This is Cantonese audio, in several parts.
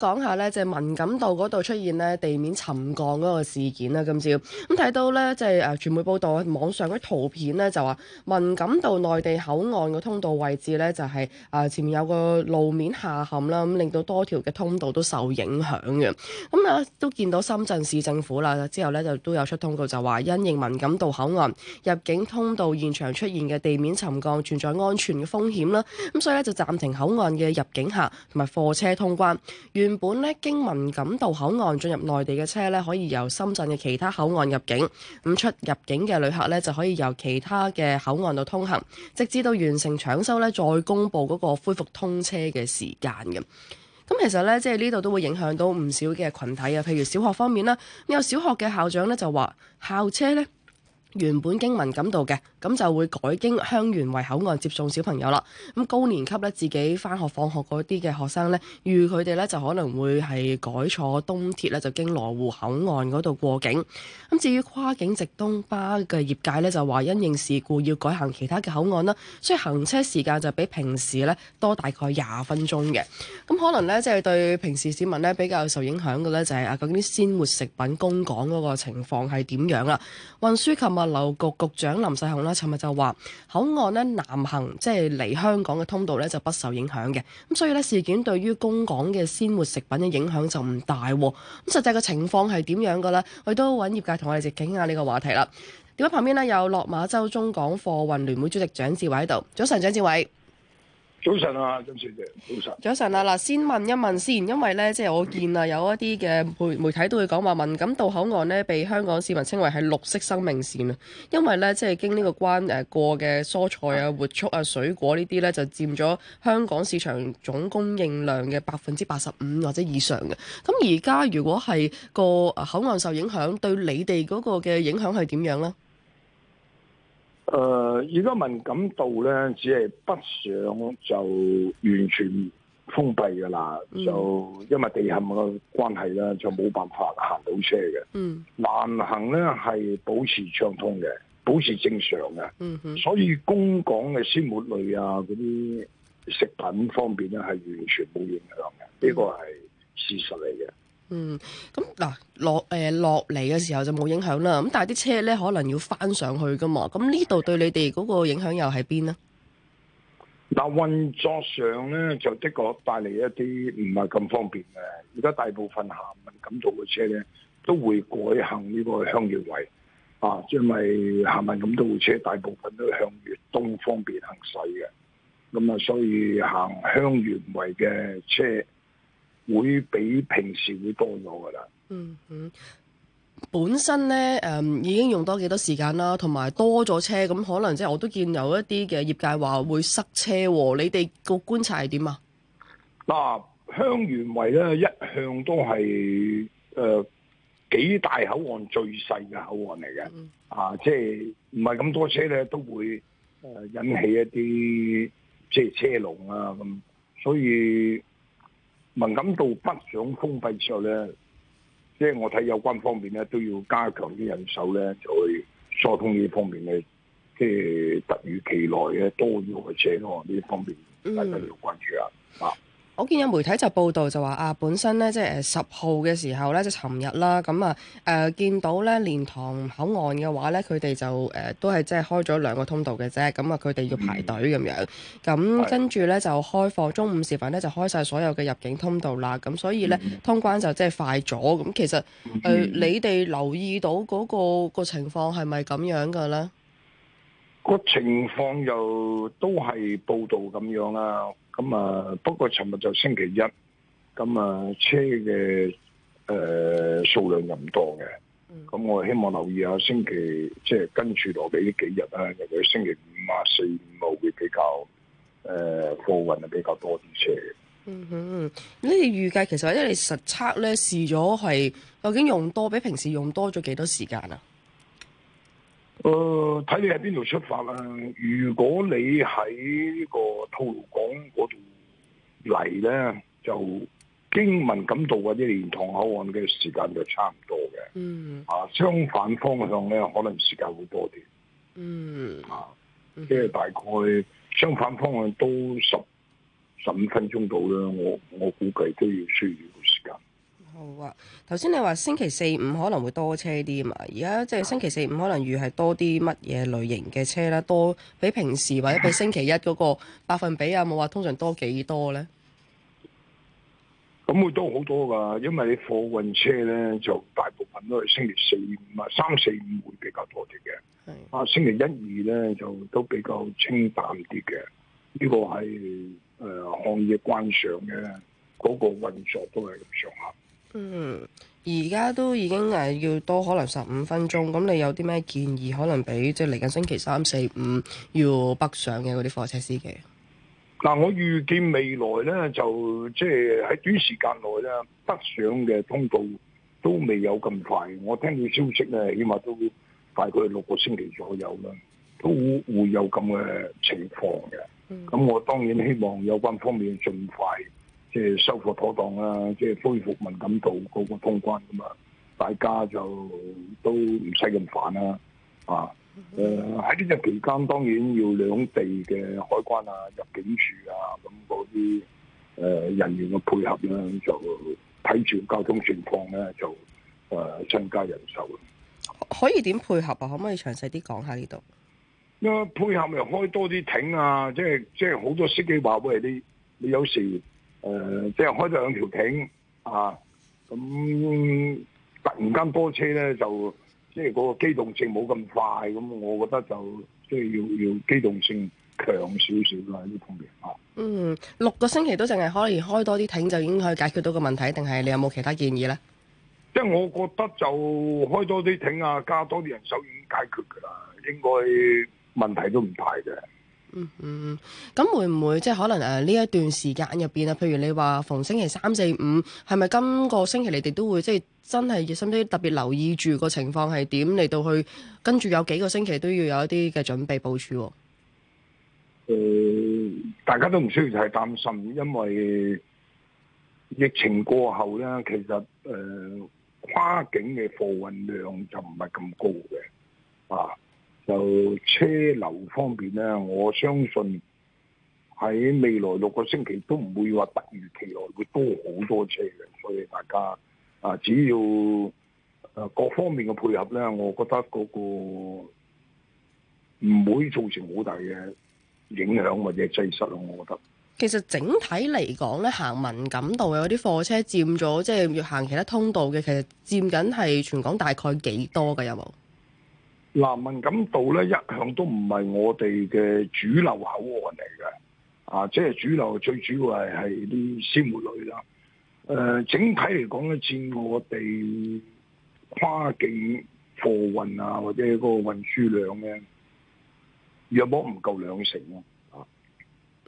講下咧，就係文錦渡嗰度出現咧地面沉降嗰個事件啦。今朝咁睇到咧，即係誒傳媒報道網上啲圖片咧，就話文錦渡內地口岸嘅通道位置咧，就係誒前面有個路面下陷啦，咁令到多條嘅通道都受影響嘅。咁啊都見到深圳市政府啦，之後咧就都有出通告，就話因應文錦渡口岸入境通道現場出現嘅地面沉降存在安全嘅風險啦，咁所以咧就暫停口岸嘅入境客同埋貨車通關。原本咧經文錦渡口岸進入內地嘅車咧，可以由深圳嘅其他口岸入境，咁出入境嘅旅客咧就可以由其他嘅口岸度通行，直至到完成搶修咧再公布嗰個恢復通車嘅時間嘅。咁其實咧，即係呢度都會影響到唔少嘅群體啊，譬如小學方面啦，有小學嘅校長咧就話校車咧。原本經文錦渡嘅，咁就會改經香園圍口岸接送小朋友啦。咁高年級咧自己翻學放學嗰啲嘅學生呢，預佢哋呢，就可能會係改坐東鐵咧，就經羅湖口岸嗰度過境。咁至於跨境直通巴嘅業界呢，就話因應事故要改行其他嘅口岸啦，所以行車時間就比平時呢多大概廿分鐘嘅。咁可能呢，即係對平時市民呢比較受影響嘅呢，就係啊嗰啲鮮活食品供港嗰個情況係點樣啦？運輸及。日。物流局局長林世雄咧，尋日就話口岸南行即係嚟香港嘅通道就不受影響嘅，咁所以事件對於供港嘅鮮活食品嘅影響就唔大，咁實際嘅情況係點樣噶呢？我都搵業界同我哋直傾下呢個話題啦。點解旁邊呢，有落馬洲中港貨運聯會主席蔣志偉喺度？早晨，蔣志偉。早晨啊，今次早晨。早晨啊，嗱，先問一問先，因為咧，即係我見啊，有一啲嘅媒媒體都會講話，文錦渡口岸咧，被香港市民稱為係綠色生命線啊，因為咧，即係經呢個關誒過嘅蔬菜啊、活畜啊、水果呢啲咧，就佔咗香港市場總供應量嘅百分之八十五或者以上嘅。咁而家如果係個口岸受影響，對你哋嗰個嘅影響係點樣咧？誒，而家，呃、文錦渡咧，只係北上就完全封閉噶啦，mm hmm. 就因為地陷嘅關係咧，就冇辦法行到車嘅。嗯、mm，南、hmm. 行咧係保持暢通嘅，保持正常嘅。嗯、mm hmm. 所以供港嘅鮮活類啊，嗰啲食品方面咧係完全冇影響嘅，呢個係事實嚟嘅。嗯，咁嗱落誒落嚟嘅時候就冇影響啦，咁但係啲車咧可能要翻上去噶嘛，咁呢度對你哋嗰個影響又喺邊呢？嗱，運作上咧就的確帶嚟一啲唔係咁方便嘅。而家大部分行文錦渡嘅車咧都會改行呢個香園圍啊，因為行文錦渡嘅車大部分都向粵東方便行駛嘅，咁啊所以行香園圍嘅車，會比平時會多咗噶啦。嗯嗯，本身咧誒、嗯，已經用多幾多時間啦，同埋多咗車，咁可能即係我都見有一啲嘅業界話會塞車。你哋個觀察係點啊？嗱，香園圍咧一向都係誒、呃、幾大口岸最細嘅口岸嚟嘅，嗯、啊，即係唔係咁多車咧，都會誒引起一啲即係車龍啊咁，所以。敏感度不想封閉之後咧，即係我睇有關方面咧都要加強啲人手咧，就去疏通呢方面嘅，即係突如其來嘅多樣嘅情況呢方面，大家要關注啦，啊！我見有媒體就報道就話啊，本身咧即係十號嘅時候咧，就係尋日啦，咁啊誒、呃、見到咧蓮塘口岸嘅話咧，佢哋就誒、呃、都係即係開咗兩個通道嘅啫，咁啊佢哋要排隊咁樣，咁、嗯、跟住咧就開放中午時分咧就開晒所有嘅入境通道啦，咁、啊、所以咧、嗯、通關就即係快咗。咁其實誒、呃嗯、你哋留意到嗰、嗰個、嗰個情況係咪咁樣嘅咧？個情況又都係報道咁樣啊。咁啊、嗯，不過尋日就星期一，咁、嗯、啊車嘅誒數量又唔多嘅，咁、嗯嗯、我希望留意下星期，即係跟住落嘅呢幾日啦，尤其星期五啊、四五號會比較誒貨運啊比較多啲車。嗯哼，呢啲預計其實因為你實測咧試咗係，究竟用多比平時用多咗幾多時間啊？誒，睇、呃、你喺邊度出發啦。如果你喺呢個吐露港嗰度嚟咧，就經文錦渡或者蓮塘口岸嘅時間就差唔多嘅。嗯，啊，相反方向咧，可能時間會多啲。嗯，啊，即、就、係、是、大概相反方向都十十五分鐘到啦。我我估計都要需要。好啊！頭先你話星期四、五可能會多車啲啊嘛，而家即係星期四、五可能遇係多啲乜嘢類型嘅車啦，多比平時或者比星期一嗰個百分比啊，冇話 通常多幾多咧？咁會多好多噶，因為你貨運車咧就大部分都係星期四、五啊，三四五會比較多啲嘅。啊的，星期一二咧就都比較清淡啲嘅。呢、這個係誒、呃、行業慣常嘅嗰個運作都係咁上下。嗯，而家都已經誒要多可能十五分鐘，咁你有啲咩建議可能俾即係嚟緊星期三四五要北上嘅嗰啲貨車司機？嗱、啊，我預見未來呢，就即係喺短時間內呢，北上嘅通道都未有咁快。我聽到消息呢，起碼都大概六個星期左右啦，都會有咁嘅情況嘅。咁、嗯、我當然希望有關方面盡快。即係收貨妥當啦、啊，即、就、係、是、恢復敏感度，個個通關咁、啊、嘛，大家就都唔使咁煩啦啊！誒、啊，喺呢隻期間，當然要兩地嘅海關啊、入境處啊咁嗰啲誒人員嘅配合啦、啊，就睇住交通情況咧，就誒增加人手、啊。可以點配合啊？可唔可以詳細啲講下呢度？啊，配合咪又開多啲艇啊！即係即係好多司機話：喂，你你有時。誒、呃，即係開咗兩條艇啊！咁突然間多車咧，就即係嗰個機動性冇咁快，咁我覺得就即係要要機動性強少少啦，呢方面啊。嗯，六個星期都淨係可以開多啲艇就已經可以解決到個問題，定係你有冇其他建議咧？即係我覺得就開多啲艇啊，加多啲人手已經解決噶啦，應該問題都唔大嘅。嗯嗯，咁會唔會即係可能誒呢一段時間入邊啊，譬如你話逢星期三四五，係咪今個星期你哋都會即係真係，甚至特別留意住個情況係點嚟，到去跟住有幾個星期都要有一啲嘅準備部署？誒、呃，大家都唔需要太擔心，因為疫情過後咧，其實誒、呃，跨境嘅貨運量就唔係咁高嘅啊。就車流方面咧，我相信喺未來六個星期都唔會話突如其來會多好多車嘅，所以大家啊，只要誒各方面嘅配合咧，我覺得嗰個唔會造成好大嘅影響或者擠塞咯，我覺得。其實整體嚟講咧，行文錦渡有啲貨車佔咗，即係要行其他通道嘅，其實佔緊係全港大概幾多㗎？有冇？南文錦渡咧，一向都唔係我哋嘅主流口岸嚟嘅，啊，即係主流最主要係係啲鮮活類啦、啊。整體嚟講咧，佔我哋跨境貨運啊或者個運輸量咧，約莫唔夠兩成咯。啊，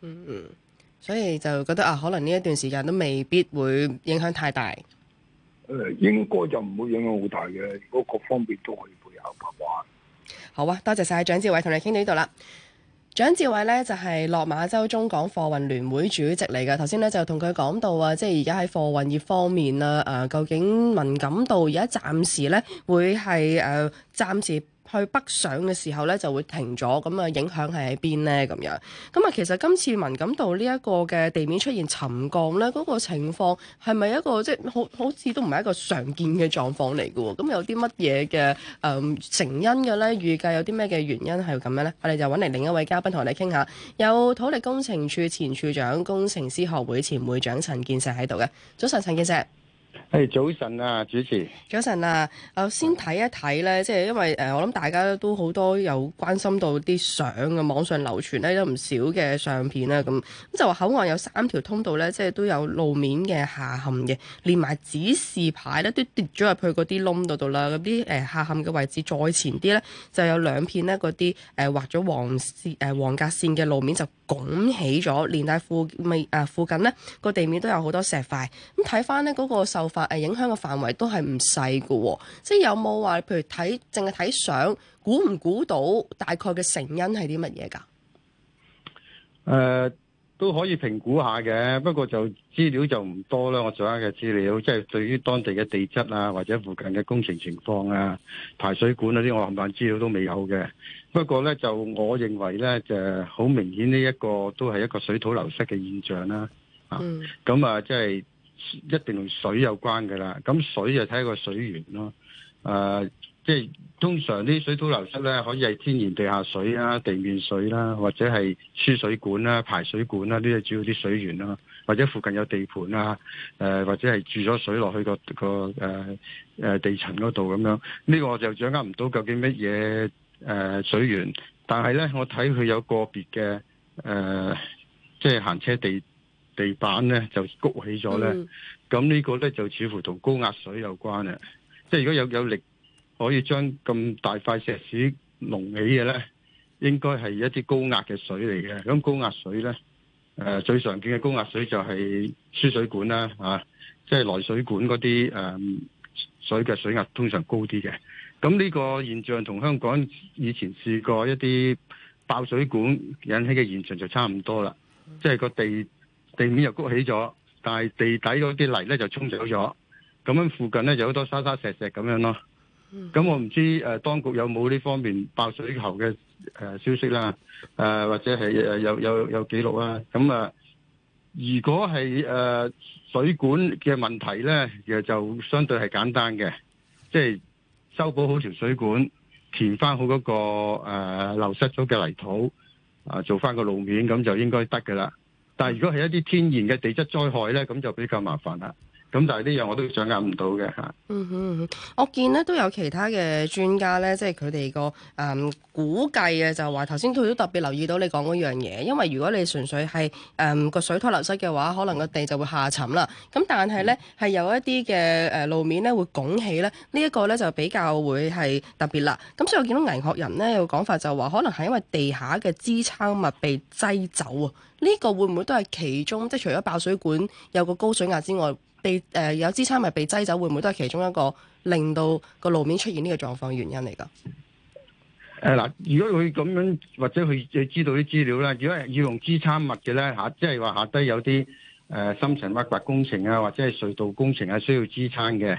嗯嗯，所以就覺得啊，可能呢一段時間都未必會影響太大。嗯、應該就唔會影響好大嘅，如果各方面都可以配合嘅話。好啊，多謝晒蔣志偉同你傾到呢度啦。蔣志偉咧就係、是、落馬洲中港貨運聯會主席嚟嘅。頭先咧就同佢講到啊，即係而家喺貨運業方面啊、呃，究竟敏感度而家暫時咧會係誒、呃、暫時。去北上嘅時候咧，就會停咗，咁啊影響係喺邊呢？咁樣咁啊，其實今次文錦渡呢一個嘅地面出現沉降咧，嗰個情況係咪一個即好好似都唔係一個常見嘅狀況嚟喎？咁有啲乜嘢嘅成因嘅咧？預計有啲咩嘅原因係咁樣咧？我哋就搵嚟另一位嘉賓同我哋傾下，有土力工程處前處長、工程師學會前會長陳健碩喺度嘅。早晨，陳健碩。誒，早晨啊，主持。早晨啊，誒，我先睇一睇咧，即係因為誒，我諗大家都好多有關心到啲相嘅，網上流傳咧都唔少嘅相片啦，咁咁就話口岸有三條通道咧，即係都有路面嘅下陷嘅，連埋指示牌咧都跌咗入去嗰啲窿度度啦。咁啲誒下陷嘅位置再前啲咧，就有兩片咧嗰啲誒畫咗黃，黃線誒黃格線嘅路面就拱起咗，連帶附咪誒附近咧個地面都有好多石塊。咁睇翻咧嗰個受誒，影響嘅範圍都係唔細㗎，即係有冇話，譬如睇淨係睇相，估唔估到大概嘅成因係啲乜嘢噶？誒、呃，都可以評估下嘅，不過就資料就唔多啦。我掌握嘅資料，即係，對於當地嘅地質啊，或者附近嘅工程情況啊、排水管嗰啲，我冚唪唥資料都未有嘅。不過咧，就我認為咧，就好明顯呢一個都係一個水土流失嘅現象啦、啊。嗯。咁啊，即係。一定同水有關嘅啦，咁水就睇個水源咯。誒，即係通常啲水土流失咧，可以係天然地下水啊、地面水啦，或者係輸水管啦、排水管啦，呢啲主要啲水源咯。或者附近有地盤啊，誒，或者係注咗水落去個個誒誒地層嗰度咁樣。呢個我就掌握唔到究竟乜嘢誒水源，但係咧我睇佢有個別嘅誒，即係行車地。地板咧就谷起咗咧，咁呢個咧就似乎同高壓水有關啦。即係如果有有力可以將咁大塊石屎隆起嘅咧，應該係一啲高壓嘅水嚟嘅。咁高壓水咧，誒、呃、最常見嘅高壓水就係輸水管啦，吓即係來水管嗰啲誒水嘅水壓通常高啲嘅。咁呢個現象同香港以前試過一啲爆水管引起嘅現象就差唔多啦，即係個地。地面又谷起咗，但係地底嗰啲泥咧就沖走咗，咁樣附近咧就好多沙沙石石咁樣咯。咁我唔知誒，當局有冇呢方面爆水喉嘅誒消息啦？誒，或者係誒有有有記錄啊？咁啊，如果係誒水管嘅問題咧，其實就相對係簡單嘅，即係修補好條水管，填翻好嗰個誒流失咗嘅泥土，啊，做翻個路面咁就應該得噶啦。但如果係一啲天然嘅地質災害咧，咁就比較麻煩啦。咁但係呢樣我都掌握唔到嘅嚇。嗯哼，我見咧都有其他嘅專家咧，即係佢哋個誒估計嘅，就話頭先佢都特別留意到你講嗰樣嘢，因為如果你純粹係誒個水土流失嘅話，可能個地就會下沉啦。咁但係咧係有一啲嘅誒路面咧會拱起咧，呢、這、一個咧就比較會係特別啦。咁所以我見到銀學人咧有講法就話，可能係因為地下嘅支撐物被擠走啊。呢、這個會唔會都係其中，即係除咗爆水管有個高水壓之外？被誒、呃、有支撐物被擠走，會唔會都係其中一個令到個路面出現呢個狀況原因嚟噶？誒嗱、呃，如果佢咁樣或者佢佢知道啲資料咧，如果係要用支撐物嘅咧嚇，即係話下低有啲誒、呃、深層挖掘工程啊，或者係隧道工程啊，需要支撐嘅。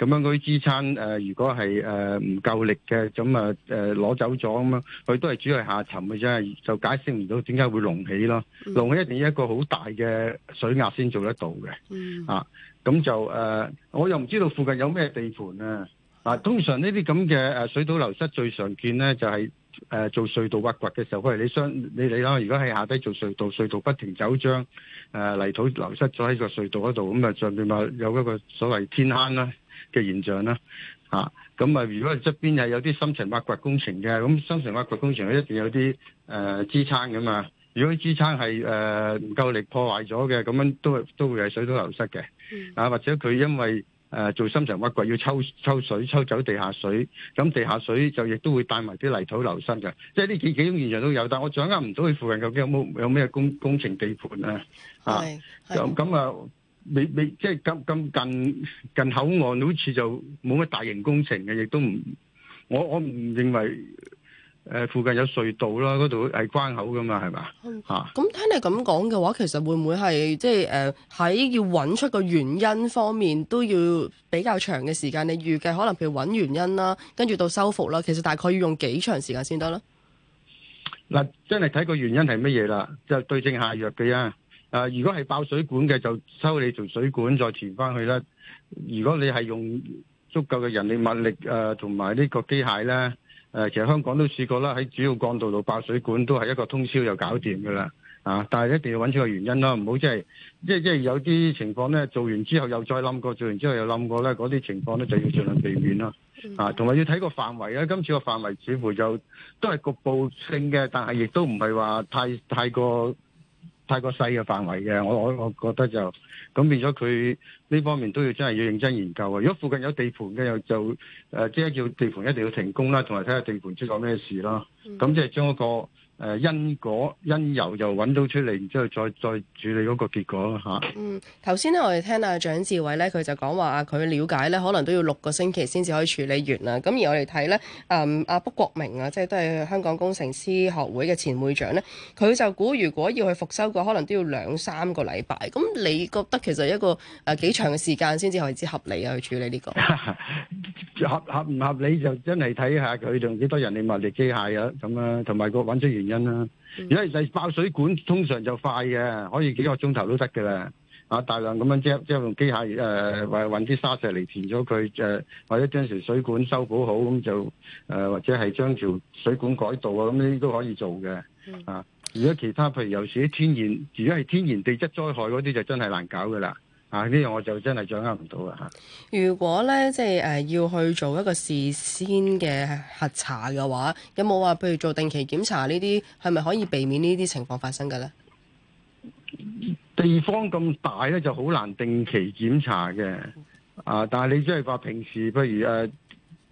咁樣嗰啲支撐如果係誒唔夠力嘅，咁啊攞走咗咁佢都係主要係下沉嘅啫，就解釋唔到點解會隆起咯。隆、嗯、起一定要一個好大嘅水壓先做得到嘅。嗯、啊，咁就誒、呃，我又唔知道附近有咩地盤啊。啊，通常呢啲咁嘅水土流失最常見咧，就係、是、誒、呃、做隧道挖掘嘅時候，譬如你想你你啦如果喺下低做隧道，隧道不停走將誒、呃、泥土流失咗喺個隧道嗰度，咁啊上邊咪有一個所謂天坑啦、啊。嘅現象啦，啊，咁啊，如果側邊係有啲深層挖掘工程嘅，咁深層挖掘工程一定有啲誒、呃、支撐噶嘛。如果支撐係誒唔夠力破壞咗嘅，咁樣都都會係水土流失嘅。嗯、啊，或者佢因為誒、呃、做深層挖掘要抽抽水抽走地下水，咁地下水就亦都會帶埋啲泥土流失嘅。即係呢幾幾種現象都有，但係我掌握唔到佢附近究竟有冇有咩工工程地盤啊。啊，咁咁啊。你你即係咁咁近近，近口岸，好似就冇乜大型工程嘅，亦都唔我我唔認為誒、呃、附近有隧道啦，嗰度係關口噶嘛，係咪？吓、嗯？咁聽你咁講嘅話，其實會唔會係即係誒喺要揾出個原因方面都要比較長嘅時間？你預計可能譬如揾原因啦，跟住到修復啦，其實大概要用幾長時間先得咧？嗱，真係睇個原因係乜嘢啦，就對症下藥嘅呀。啊、呃！如果係爆水管嘅，就收你條水管再填翻去啦。如果你係用足夠嘅人力物力啊，同、呃、埋呢個機械咧，誒、呃，其實香港都試過啦，喺主要幹道度爆水管都係一個通宵又搞掂噶啦。啊！但係一定要搵出個原因啦，唔好即係即係即係有啲情況咧，做完之後又再冧過，做完之後又冧過咧，嗰啲情況咧就要盡量避免啦。啊，同埋要睇個範圍啊，今次個範圍似乎就都係局部性嘅，但係亦都唔係話太太過。太過細嘅範圍嘅，我我我覺得就咁變咗佢。呢方面都要真係要認真研究啊！如果附近有地盤嘅又就誒，即係叫地盤一定要停工啦，同埋睇下地盤出咗咩事啦。咁即係將嗰個誒因果因由又揾到出嚟，然之後再再處理嗰個結果啦嚇。嗯，頭先咧我哋聽阿蔣志偉咧，佢就講話佢了解咧，可能都要六個星期先至可以處理完啦。咁而我哋睇咧誒阿卜國明啊，即係都係香港工程師學會嘅前會長咧，佢就估如果要去復修嘅，可能都要兩三個禮拜。咁你覺得其實一個誒幾長？長嘅時間先至可以至合理啊，去處理呢、這個合合唔合理就真係睇下佢仲幾多人力物力機械啊咁啦，同埋、啊、個揾出原因啦、啊。如果係爆水管，通常就快嘅，可以幾個鐘頭都得嘅啦。啊、嗯，大量咁樣即係即係用機械誒，或者揾啲沙石嚟填咗佢誒，或者將條水管修補好，咁就誒、呃、或者係將條水管改道啊，咁呢啲都可以做嘅、嗯、啊。如果其他譬如有時啲天然，如果係天然地質災害嗰啲，就真係難搞噶啦。啊！呢樣我就真係掌握唔到啊！嚇，如果咧即係誒要去做一個事先嘅核查嘅話，有冇話譬如做定期檢查呢啲係咪可以避免呢啲情況發生嘅咧？地方咁大咧，就好難定期檢查嘅啊！但係你即係話平時，譬如誒。呃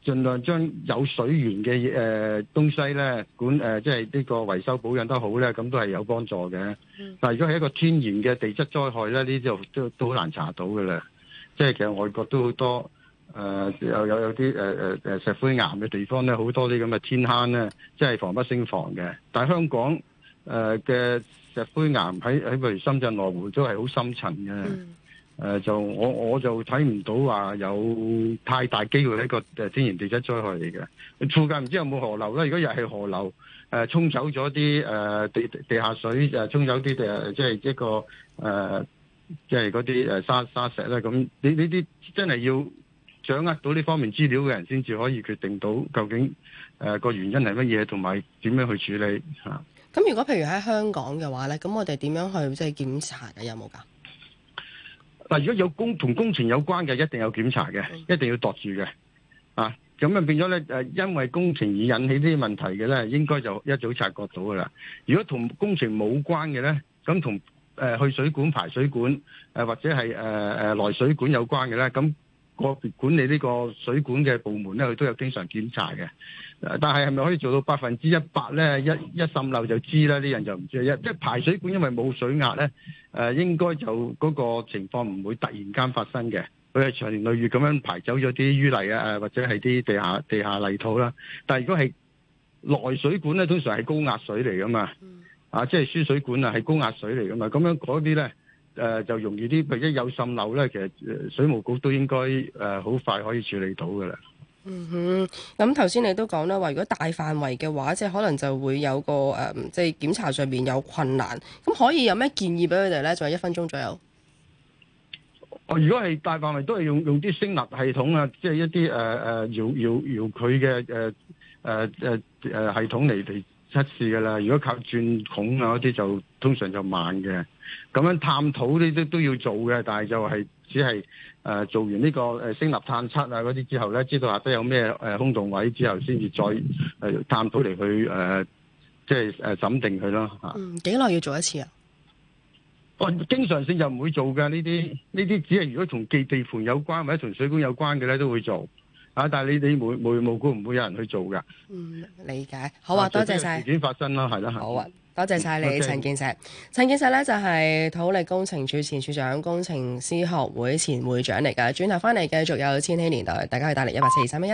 盡量將有水源嘅誒東西咧管誒，即係呢個維修保養得好咧，咁都係有幫助嘅。但係如果係一個天然嘅地質災害咧，呢啲就都都好難查到嘅啦。即係其實外國都好多誒，又、呃、有有啲誒誒誒石灰岩嘅地方咧，好多啲咁嘅天坑咧，即係防不勝防嘅。但係香港誒嘅、呃、石灰岩喺喺譬如深圳羅湖都係好深層嘅。誒、呃，就我我就睇唔到話有太大機會係一個誒天然地質災害嚟嘅。附近唔知有冇河流咧？如果又係河流誒沖、呃、走咗啲誒地地下水，就、呃、沖走啲誒即係一個誒、呃、即係嗰啲誒沙沙石咧。咁呢呢啲真係要掌握到呢方面資料嘅人先至可以決定到究竟誒個、呃、原因係乜嘢，同埋點樣去處理吓。咁、啊、如果譬如喺香港嘅話咧，咁我哋點樣去即係檢查嘅有冇噶？但如果有工同工程有關嘅，一定有檢查嘅，一定要度住嘅。啊，咁啊變咗咧、呃，因為工程而引起呢啲問題嘅咧，應該就一早察覺到噶啦。如果同工程冇關嘅咧，咁同誒去水管、排水管、呃、或者係誒誒來水管有關嘅咧，咁。個別管理呢個水管嘅部門咧，佢都有經常檢查嘅。但係係咪可以做到百分之一百咧？一一滲漏就知啦，啲人就唔知一。即係排水管因為冇水壓咧，誒應該就嗰個情況唔會突然間發生嘅。佢係長年累月咁樣排走咗啲淤泥啊，或者係啲地下地下泥土啦。但係如果係內水管咧，通常係高壓水嚟噶嘛，嗯、啊即係、就是、輸水管啊係高壓水嚟噶嘛。咁樣嗰啲咧。誒，就容易啲，咪一有滲漏咧，其實水務局都應該誒好快可以處理到噶啦。嗯哼，咁頭先你都講啦，話如果大範圍嘅話，即係可能就會有個誒、嗯，即係檢查上面有困難。咁可以有咩建議俾佢哋咧？就係、是、一分鐘左右。我如果係大範圍，都係用用啲升壓系統啊，即係一啲誒誒，遙遙遙佢嘅誒誒誒誒系統嚟嚟。測試㗎啦，如果靠鑽孔啊嗰啲就通常就慢嘅。咁樣探土呢都都要做嘅，但係就係只係誒做完呢、這個誒聲納、呃、探測啊嗰啲之後咧，知道下底有咩誒、呃、空洞位之後，先至再誒探土嚟去誒、呃、即係誒審定佢咯。嗯，幾耐要做一次啊？我、哦、經常性就唔會做嘅呢啲，呢啲只係如果同記地盤有關或者同水管有關嘅咧都會做。但係你哋無無無故唔會有人去做㗎。嗯，理解。好啊，多謝晒。事件發生啦，係啦，好啊，多謝晒你，謝謝陳健碩。陳健碩咧就係、是、土力工程處前處長、工程師學會前會長嚟㗎。轉頭翻嚟繼續有千禧年代，大家去打嚟一百四十三一一。